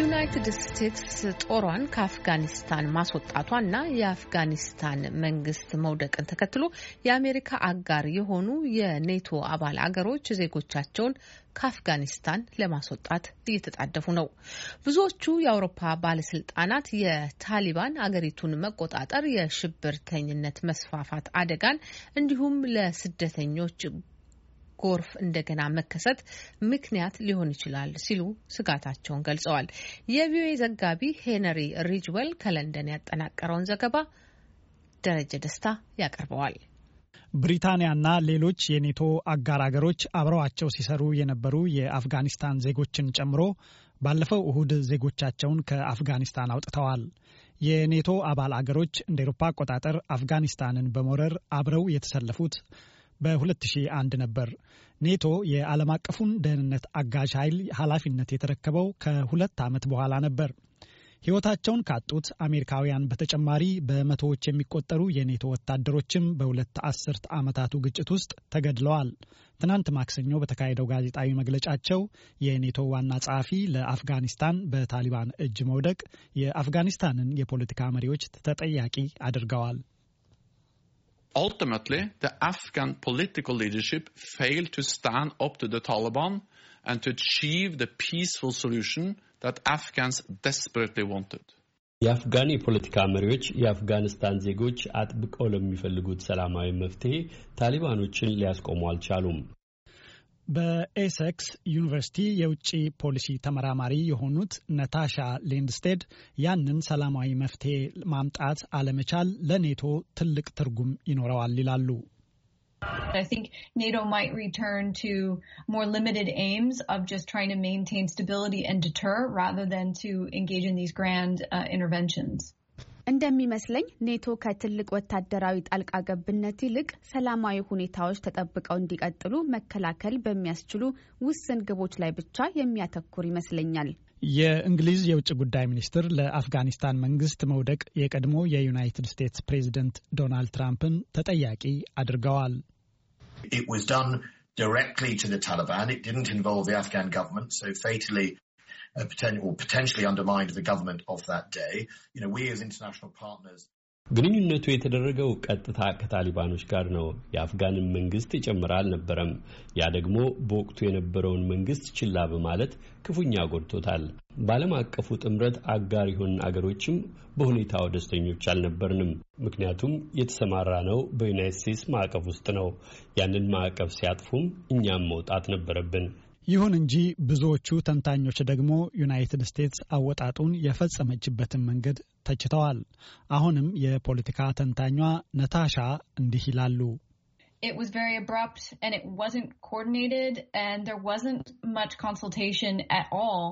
ዩናይትድ ስቴትስ ጦሯን ከአፍጋኒስታን ማስወጣቷና የአፍጋኒስታን መንግስት መውደቅን ተከትሎ የአሜሪካ አጋር የሆኑ የኔቶ አባል አገሮች ዜጎቻቸውን ከአፍጋኒስታን ለማስወጣት እየተጣደፉ ነው። ብዙዎቹ የአውሮፓ ባለስልጣናት የታሊባን አገሪቱን መቆጣጠር፣ የሽብርተኝነት መስፋፋት አደጋን እንዲሁም ለስደተኞች ጎርፍ እንደገና መከሰት ምክንያት ሊሆን ይችላል ሲሉ ስጋታቸውን ገልጸዋል። የቪኦኤ ዘጋቢ ሄነሪ ሪጅዌል ከለንደን ያጠናቀረውን ዘገባ ደረጀ ደስታ ያቀርበዋል። ብሪታንያና ሌሎች የኔቶ አጋር አገሮች አብረዋቸው ሲሰሩ የነበሩ የአፍጋኒስታን ዜጎችን ጨምሮ ባለፈው እሁድ ዜጎቻቸውን ከአፍጋኒስታን አውጥተዋል። የኔቶ አባል አገሮች እንደ ኤሮፓ አቆጣጠር አፍጋኒስታንን በመውረር አብረው የተሰለፉት በ2001 ነበር። ኔቶ የዓለም አቀፉን ደህንነት አጋዥ ኃይል ኃላፊነት የተረከበው ከሁለት ዓመት በኋላ ነበር። ሕይወታቸውን ካጡት አሜሪካውያን በተጨማሪ በመቶዎች የሚቆጠሩ የኔቶ ወታደሮችም በሁለት አስርት ዓመታቱ ግጭት ውስጥ ተገድለዋል። ትናንት ማክሰኞ በተካሄደው ጋዜጣዊ መግለጫቸው የኔቶ ዋና ጸሐፊ ለአፍጋኒስታን በታሊባን እጅ መውደቅ የአፍጋኒስታንን የፖለቲካ መሪዎች ተጠያቂ አድርገዋል። Ultimately, the Afghan political leadership failed to stand up to the Taliban and to achieve the peaceful solution that Afghans desperately wanted. የአፍጋን የፖለቲካ መሪዎች ዜጎች አጥብቀው ለሚፈልጉት ሰላማዊ መፍትሄ ታሊባኖችን ሊያስቆሙ አልቻሉም። በኤሰክስ ዩኒቨርሲቲ የውጭ ፖሊሲ ተመራማሪ የሆኑት ነታሻ ሌንድስቴድ ያንን ሰላማዊ መፍትሄ ማምጣት አለመቻል ለኔቶ ትልቅ ትርጉም ይኖረዋል ይላሉ። I think NATO might return to more limited aims of just trying to maintain stability and deter rather than to engage in these grand uh, interventions. እንደሚመስለኝ ኔቶ ከትልቅ ወታደራዊ ጣልቃ ገብነት ይልቅ ሰላማዊ ሁኔታዎች ተጠብቀው እንዲቀጥሉ መከላከል በሚያስችሉ ውስን ግቦች ላይ ብቻ የሚያተኩር ይመስለኛል። የእንግሊዝ የውጭ ጉዳይ ሚኒስትር ለአፍጋኒስታን መንግስት መውደቅ የቀድሞ የዩናይትድ ስቴትስ ፕሬዚደንት ዶናልድ ትራምፕን ተጠያቂ አድርገዋል። directly to the Taliban. It didn't involve the Afghan government, so fatally uh, poten- or potentially undermined the government of that day. You know, we as international partners. ግንኙነቱ የተደረገው ቀጥታ ከታሊባኖች ጋር ነው። የአፍጋንን መንግስት ይጨምር አልነበረም። ያ ደግሞ በወቅቱ የነበረውን መንግስት ችላ በማለት ክፉኛ ጎድቶታል። በዓለም አቀፉ ጥምረት አጋር የሆን አገሮችም በሁኔታው ደስተኞች አልነበርንም። ምክንያቱም የተሰማራ ነው በዩናይት ስቴትስ ማዕቀፍ ውስጥ ነው። ያንን ማዕቀፍ ሲያጥፉም እኛም መውጣት ነበረብን። ይሁን እንጂ ብዙዎቹ ተንታኞች ደግሞ ዩናይትድ ስቴትስ አወጣጡን የፈጸመችበትን መንገድ ተችተዋል። አሁንም የፖለቲካ ተንታኟ ነታሻ እንዲህ ይላሉ። It was very abrupt and it wasn't coordinated and there wasn't much consultation at all.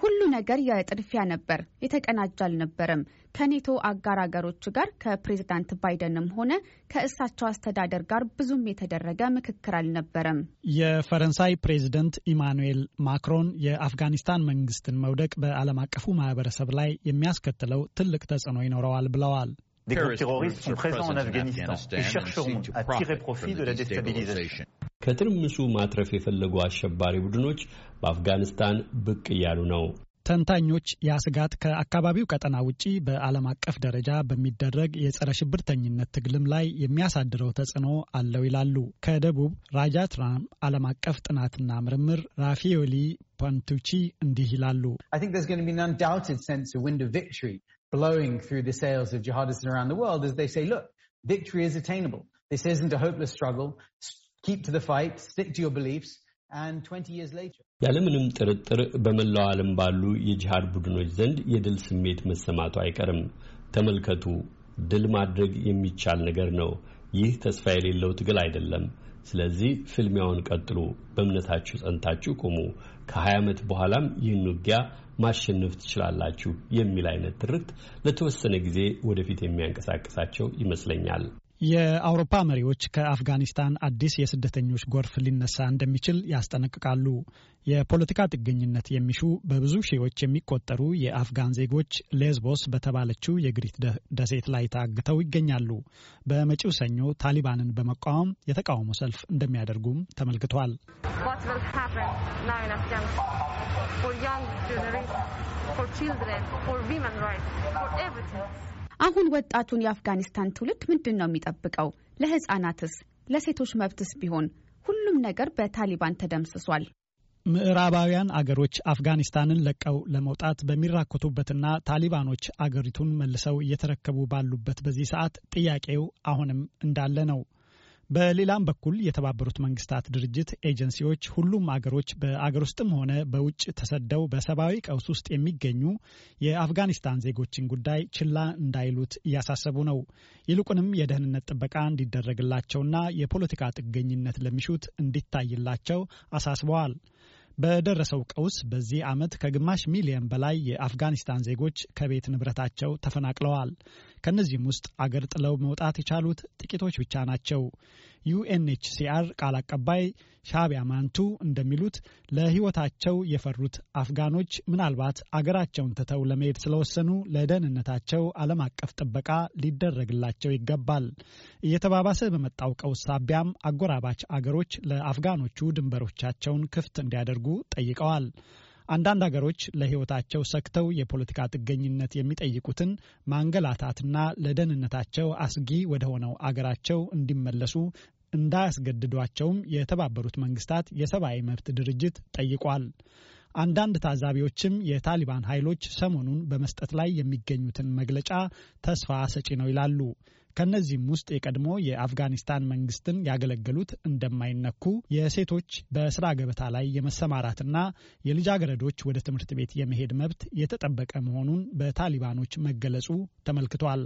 ሁሉ ነገር የጥድፊያ ነበር። የተቀናጀ አልነበረም። ከኔቶ አጋር አገሮች ጋር ከፕሬዝዳንት ባይደንም ሆነ ከእሳቸው አስተዳደር ጋር ብዙም የተደረገ ምክክር አልነበረም። የፈረንሳይ ፕሬዚደንት ኢማኑኤል ማክሮን የአፍጋኒስታን መንግስትን መውደቅ በዓለም አቀፉ ማህበረሰብ ላይ የሚያስከትለው ትልቅ ተጽዕኖ ይኖረዋል ብለዋል። Des groupes terroristes sont présents en Afghanistan et chercheront à tirer profit de la déstabilisation. ከትርምሱ ማትረፍ የፈለጉ አሸባሪ ቡድኖች በአፍጋኒስታን ብቅ እያሉ ነው። ተንታኞች ያ ስጋት ከአካባቢው ቀጠና ውጪ በዓለም አቀፍ ደረጃ በሚደረግ የጸረ ሽብርተኝነት ትግልም ላይ የሚያሳድረው ተጽዕኖ አለው ይላሉ። ከደቡብ ራጃ ዓለም አቀፍ ጥናትና ምርምር ራፊዮሊ ፓንቱቺ እንዲህ ይላሉ። victory is attainable. This keep to the fight, stick to your beliefs, and 20 years later. ያለምንም ጥርጥር በመላው ዓለም ባሉ የጂሃድ ቡድኖች ዘንድ የድል ስሜት መሰማቱ አይቀርም። ተመልከቱ፣ ድል ማድረግ የሚቻል ነገር ነው። ይህ ተስፋ የሌለው ትግል አይደለም። ስለዚህ ፍልሚያውን ቀጥሉ፣ በእምነታችሁ ጸንታችሁ ቁሙ። ከ20 ዓመት በኋላም ይህን ውጊያ ማሸነፍ ትችላላችሁ የሚል አይነት ትርክት ለተወሰነ ጊዜ ወደፊት የሚያንቀሳቅሳቸው ይመስለኛል። የአውሮፓ መሪዎች ከአፍጋኒስታን አዲስ የስደተኞች ጎርፍ ሊነሳ እንደሚችል ያስጠነቅቃሉ። የፖለቲካ ጥገኝነት የሚሹ በብዙ ሺዎች የሚቆጠሩ የአፍጋን ዜጎች ሌዝቦስ በተባለችው የግሪት ደሴት ላይ ታግተው ይገኛሉ። በመጪው ሰኞ ታሊባንን በመቃወም የተቃውሞ ሰልፍ እንደሚያደርጉም ተመልክቷል። አሁን ወጣቱን የአፍጋኒስታን ትውልድ ምንድን ነው የሚጠብቀው? ለህጻናትስ፣ ለሴቶች መብትስ ቢሆን ሁሉም ነገር በታሊባን ተደምስሷል። ምዕራባውያን አገሮች አፍጋኒስታንን ለቀው ለመውጣት በሚራኮቱበትና ታሊባኖች አገሪቱን መልሰው እየተረከቡ ባሉበት በዚህ ሰዓት ጥያቄው አሁንም እንዳለ ነው። በሌላም በኩል የተባበሩት መንግስታት ድርጅት ኤጀንሲዎች ሁሉም አገሮች በአገር ውስጥም ሆነ በውጭ ተሰደው በሰብአዊ ቀውስ ውስጥ የሚገኙ የአፍጋኒስታን ዜጎችን ጉዳይ ችላ እንዳይሉት እያሳሰቡ ነው። ይልቁንም የደህንነት ጥበቃ እንዲደረግላቸውና የፖለቲካ ጥገኝነት ለሚሹት እንዲታይላቸው አሳስበዋል። በደረሰው ቀውስ በዚህ ዓመት ከግማሽ ሚሊየን በላይ የአፍጋኒስታን ዜጎች ከቤት ንብረታቸው ተፈናቅለዋል። ከእነዚህም ውስጥ አገር ጥለው መውጣት የቻሉት ጥቂቶች ብቻ ናቸው። ዩኤንኤችሲአር ቃል አቀባይ ሻቢያ ማንቱ እንደሚሉት ለሕይወታቸው የፈሩት አፍጋኖች ምናልባት አገራቸውን ትተው ለመሄድ ስለወሰኑ ለደህንነታቸው ዓለም አቀፍ ጥበቃ ሊደረግላቸው ይገባል። እየተባባሰ በመጣው ቀውስ ሳቢያም አጎራባች አገሮች ለአፍጋኖቹ ድንበሮቻቸውን ክፍት እንዲያደርጉ ጠይቀዋል። አንዳንድ ሀገሮች ለሕይወታቸው ሰክተው የፖለቲካ ጥገኝነት የሚጠይቁትን ማንገላታትና ለደህንነታቸው አስጊ ሆነው አገራቸው እንዲመለሱ እንዳያስገድዷቸውም የተባበሩት መንግስታት የሰብአዊ መብት ድርጅት ጠይቋል። አንዳንድ ታዛቢዎችም የታሊባን ኃይሎች ሰሞኑን በመስጠት ላይ የሚገኙትን መግለጫ ተስፋ ሰጪ ነው ይላሉ። ከነዚህም ውስጥ የቀድሞ የአፍጋኒስታን መንግስትን ያገለገሉት እንደማይነኩ፣ የሴቶች በስራ ገበታ ላይ የመሰማራትና የልጃገረዶች ወደ ትምህርት ቤት የመሄድ መብት የተጠበቀ መሆኑን በታሊባኖች መገለጹ ተመልክቷል።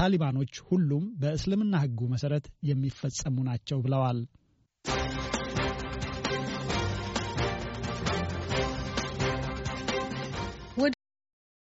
ታሊባኖች ሁሉም በእስልምና ሕጉ መሰረት የሚፈጸሙ ናቸው ብለዋል።